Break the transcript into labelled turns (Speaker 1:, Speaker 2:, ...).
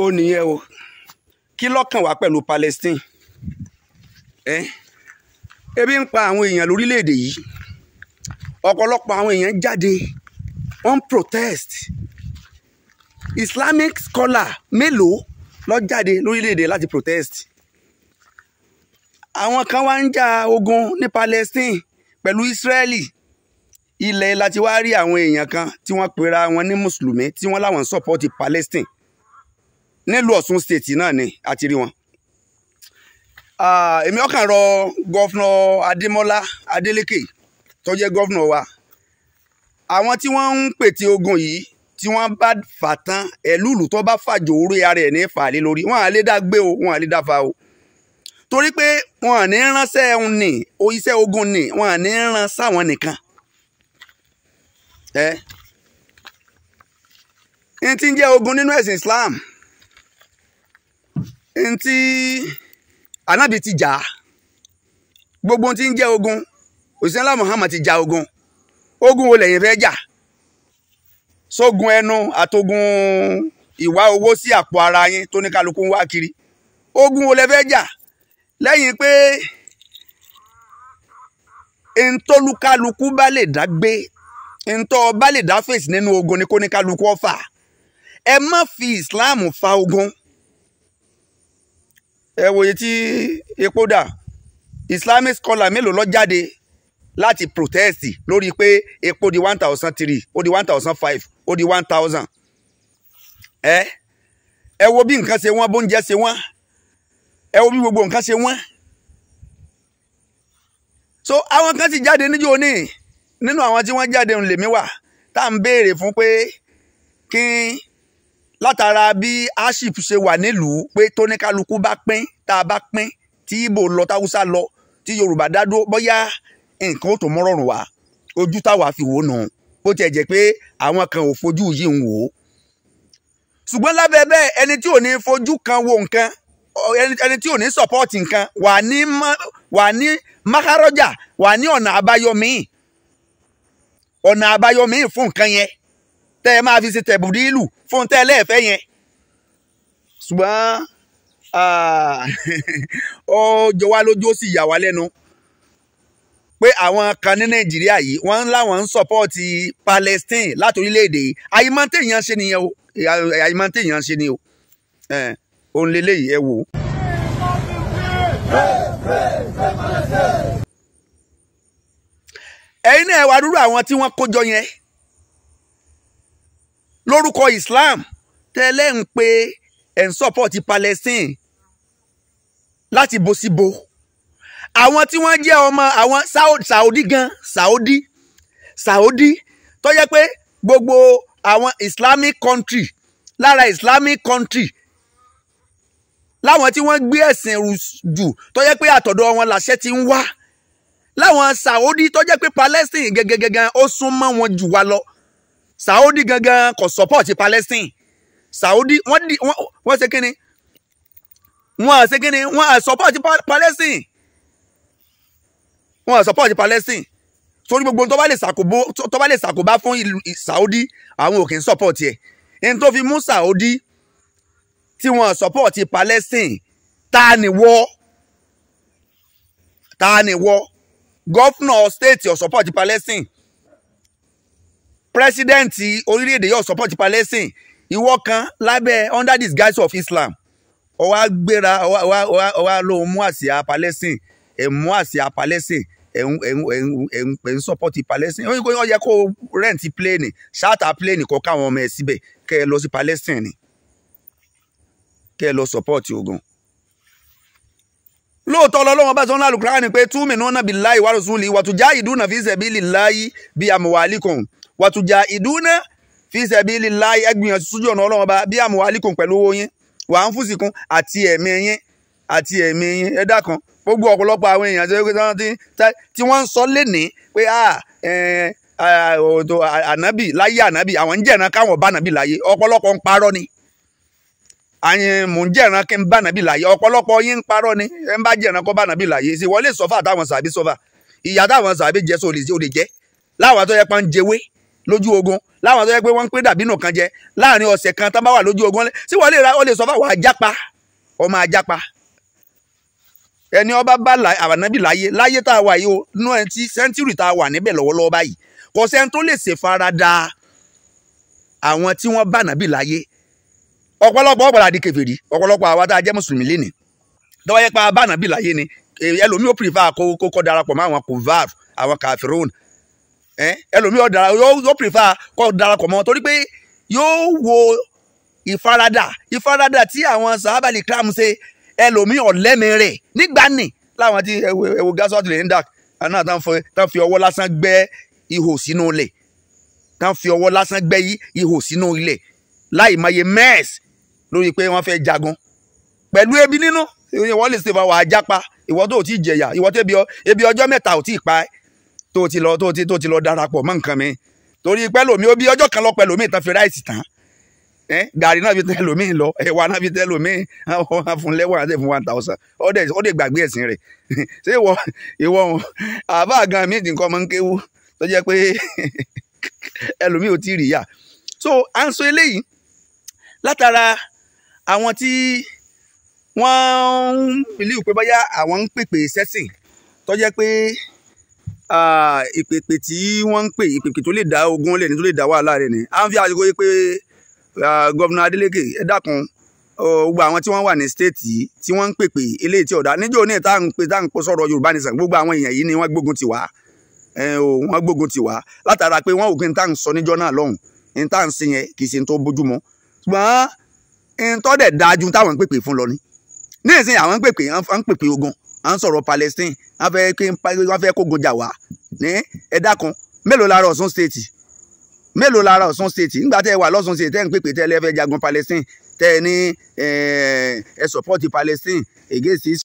Speaker 1: ó nìyẹn o kí lọ́kàn wá pẹ̀lú Palestine ẹ ebi ń pa àwọn èèyàn lórílẹ̀‐èdè yìí ọ̀pọ̀lọpọ̀ àwọn èèyàn jáde wọ́n protest Islamic scholar mélòó ló jáde lórílẹ̀‐èdè láti protest àwọn kan wá ń jà ogun ní Palestine pẹ̀lú Israeli ilẹ̀ láti wá rí àwọn èèyàn kan tí wọ́n pera wọn ní mùsùlùmí tí wọ́n láwọn ń sọ́pọ́ọ̀tì Palestine nílùú Ọ̀ṣun state náà ni a ti rí wọn. èmi ọkàn rọ gọ́fúnà Adémọ́lá Adélékè tó jẹ́ gọ́fúnà wa àwọn tí wọ́n ń pète ogun yìí tí wọ́n bá fà tán ẹ̀lúùlù tó bá fàjò orí ara ẹ̀ ní fàálé lórí wọn à lè dá gbé o wọn à lè dá fa o torí pé wọn à ní ránṣẹ́ òun nì o iṣẹ́ ogun nì wọn à ní rán sáwọn nìkan ẹ n ti ń jẹ́ ogun nínú ẹ̀sìn Islam ntí anabi ti jà gbogbo tí ń jẹ́ ogun òsínlá Muhammad ti jà ogun ogun wo lẹ́yìn fẹ́ jà sógun ẹnu àtogun ìwá owó sí àpò ara yín tó ní kálukú ń wá kiri ogun wo lẹ fẹ́ jà lẹ́yìn pé ntọ́lùkálukú bá lè dá gbé ntọ́ bá lè dá fèsì nínú ogun ni kó ní kálukú ọ̀fà ẹ má fi Islam fa ogun ẹ wòye tí epo dà islamic scholar mélòó lọ jáde láti protest lórí pé epo di one thousand three ó di one thousand five ó di one thousand ẹ ẹ wo bí nǹkan ṣe wọ́n bóúnjẹ ṣe wọ́n ẹ wo bí gbogbo nǹkan ṣe wọ́n so àwọn kan ti jáde níjó ní nínú àwọn tí wọ́n jáde ń lèmi wà tá à ń béèrè fún pé kí látara bí aship ṣe wà nílùú pé tóníkálukú bá pín tá a bá pín tí ibo lọ táwùsá lọ tí yorùbá dá dúró bóyá nǹkan ó tó mọ́ rọrùn wá ojú táwa fi wò nù bó tiẹ̀ jẹ́ pé àwọn kan ò fojú yìí ń wò ó ṣùgbọ́n lábẹ́ bẹ́ẹ̀ ẹni tí ò ní fojú kan wo nǹkan ẹni tí ò ní sọpọ́ọ̀tì nǹkan wà ní wà wà ní ọ̀nà àbáyọ míì ọ̀nà àbáyọ míì fún nǹkan yẹn tẹ́ ẹ máa fi ṣe tẹ̀bùdílù fún tẹ́ lẹ́ẹ̀fẹ́ yẹn ṣùgbọ́n ó jọ wá lójú ó sì yà wá lẹ́nu pé àwọn kan ní nàìjíríà yìí wọ́n láwọn ń sọ́pọ́ọ̀tì Palestine láti orílẹ̀-èdè yìí àyèmọ́tẹ́ èèyàn ṣe nìyẹn o àyèmọ́tẹ́ èèyàn ṣe ni o òun lélẹ́yìí ẹ wò. ẹ̀yin náà wàá dúró àwọn tí wọ́n kó jọ yẹn lórúkọ Islam tẹ́lẹ̀ ń pe ẹ̀ ń sọ́pọ̀tì Palestine láti bo sí bo àwọn tí wọ́n jẹ́ ọmọ àwọn Saudi gan Saudi Saudi tó yẹ pé gbogbo àwọn Islamic country lára Islamic country láwọn tí wọ́n gbé ẹ̀sìn jù tó yẹ pé àtọ̀dọ̀ wọn làṣẹ ti ń wá láwọn Saudi tó jẹ́ pé Palestine gẹ́gẹ́gẹ́gẹ́ ó sún mọ́ wọn jù wá lọ Saudi gangan kò support Palestine Saudi wọ́n di wọ́n ṣe kíni wọ́n ṣe kíni wọ́n support Palestine wọ́n support Palestine sórí gbogbo tó bá lè ṣàkóbó tó bá lè ṣàkóbá fún Saudi àwọn ò kì support ẹ̀ ẹni tó fi mú Saudi tí wọ́n support Palestine ta ni wọ́ ta ni wọ́ gọ́fúnà state ò support Palestine pírẹsidẹ́ǹtì orílẹ̀-èdè yóò support Palestine ìwọ kan lábẹ́ under the guise of Islam ó wá gbéra ó wá ló mú àsíá Palestine ẹ̀ mú àsíá Palestine ẹ̀ ń ẹ̀ ń ẹ̀ ń ẹ̀ ń ẹ̀ ń support Palestine ó yẹ kó rent plane ṣáàtà plane kọ́ káwọn ọmọ ẹ̀ síbẹ̀ kẹ́ ẹ lọ sí Palestine ni kẹ́ ẹ lọ support ogun lóòótọ́ ọlọ́run bá sọ ńlá lùkúrá ni pé túmínú náà bí láì wàrúsùn lè wàtújá ìdúnà fi ṣẹ̀bí lè láyé bí àmúwálì kan wàtújà ìdúná fi sabilillahi ẹgbìyànjú sójú ọ̀nà ọlọ́run ọba bí àmọ́ alíkùn pẹ̀lú owó yín wà ń fún sìnkún àti ẹ̀mí yín àti ẹ̀mí yín ẹ dákan gbogbo ọ̀pọ̀lọpọ̀ àwọn èèyàn tí wọ́n ń sọ lénìí pé ọ̀dọ̀ ànábì láyé ànábì àwọn ń jẹ̀ràn káwọn bá ànábì láyé ọ̀pọ̀lọpọ̀ ń parọ́ ni àyìn mò ń jẹ̀ràn kí n bá ànábì láyé ọ̀pọ̀lọpọ̀ yín ń parọ́ ni ẹ̀ ń bá jẹ̀ràn kọ́ bá ànábì láyé sì wọ́n lè sọ́fà táwọn sàbí sọ́fà ìyá táwọn sàbí jẹ́ sóò lè jẹ́ láwọn tó yẹ pa ń jẹwé lójú ogun láwọn tó yẹ pé wọ́n ń pé dàbínù kan jẹ láàrin ọ̀sẹ̀ kan tán bá wà lójú ogun sí wọ́n lè ra ó lè sọ fáwọn ajápa ọmọ ajápa ẹni ọba bá ànábì láyé láyé tá a wà yìí o nú ẹni tí sẹ́ńtúrì tá a wà níbẹ̀ lọ́wọ́lọ́wọ́ báyìí kò sẹ́ni tó lè ṣèfaradà àwọn tí wọ́n bá ànábì láyé ọ̀pọ̀lọpọ̀ ọ̀pọ̀lọpọ̀ àdí kèfèrí ọ̀pọ̀lọpọ̀ àwa tá a jẹ́ mùsùlùmí lénìí tọ́wọ́ yẹ pa bá ànábì láyé ni ẹlòmíì ó pìrìfà kó kó darapọ̀ mọ́ àwọn kùvàr àwọn kàfíròn Eh? ẹlòmíì ó dára yóò prefer kó darapọ̀ mọ́ torí pé yóò wo ìfaradà ìfaradà tí àwọn sàábàlì kram ṣe ẹlòmíì ọ̀lẹ́mìí rẹ̀ nígbàanì láwọn tí ẹwọ gásọ́ọ̀tì lè ń dà àná tán fi ọwọ́ lásán gbẹ́ ihò sínú ilẹ̀ tán fi ọwọ́ lásán gbẹ́ ihò sínú ilẹ̀ láì máa yẹ mẹ́ẹ̀s lórí pé wọ́n fẹ́ jagun pẹ̀lú ebi nínú ìwọ lè ṣe fún àwọn ajápa ìwọ tó ti jẹ̀yà ìwọ tó ebi ọjọ́ mẹ́ta ò tí ì pa ẹ́ tó ti lọ tó ti tó ti lọ darapọ̀ mọ́ nǹkan mi torí pẹ́ ó bí ọjọ́ kan lọ pẹ́ tán fi ráìsì tán gàrí náà fi tẹ́ lómi lọ ẹ̀wà náà fi tẹ́ lómi fúnlẹ́wọ̀n àti fún one thousand ó dẹ̀ gbàgbé ẹ̀sìn rẹ̀ ṣé ìwọ ìwọ àbá gan mi ti nǹkan ọmọ ń kéwú tó jẹ́ pé ẹlòmíì ò tí ì rí yà so à ń sọ eléyìí látara àwọn tí wọ́n ń bìlíù pé bóyá àwọn ń pèpè sẹ́sìn tó jẹ́ pé ìpèpè tí wọ́n ń pè ìpèpè tó lè dá ogun lẹ̀ ní tó lè dá wàhálà rẹ̀ ni à ń fi àsìkò yìí pé gọ́vùnà Adeleke ẹ dákun gbogbo àwọn tí wọ́n wà ní stéètì tí wọ́n ń pèpè eléyìí tí ọ̀dà níjọ́ ní ìta ń pe tá ń pọ sọ̀rọ̀ Yorùbá nìsàn gbogbo àwọn èèyàn yìí ni wọ́n gbógun ti wá wọ́n gbógun ti wá látara pé wọ́n ò kí n tá ń sọ níjọ́ náà lọ́hùn n tá ń sin yẹn kì í ṣe n tó bójúmọ́ ṣùgbọ́n n tọ́ dẹ̀ dáa ju táwọn ń pèpè fún lọ ni ní ìsìn àwọn ń pèpè ogun à ń sọ̀rọ̀ Palestine wọ́n fẹ́ kí wọ́n fẹ́ kógun jà wá ní ẹ dákun mélòó lára Ọ̀ṣun state mélòó lára Ọ̀ṣun state nígbà tẹ́ ẹ wà lọ́sùn state tẹ́ ń pèpè tẹ́ ẹ lẹ́fẹ̀ẹ́ jagun Palestine tẹ́ ẹ ní ẹ support Palestine against Israel.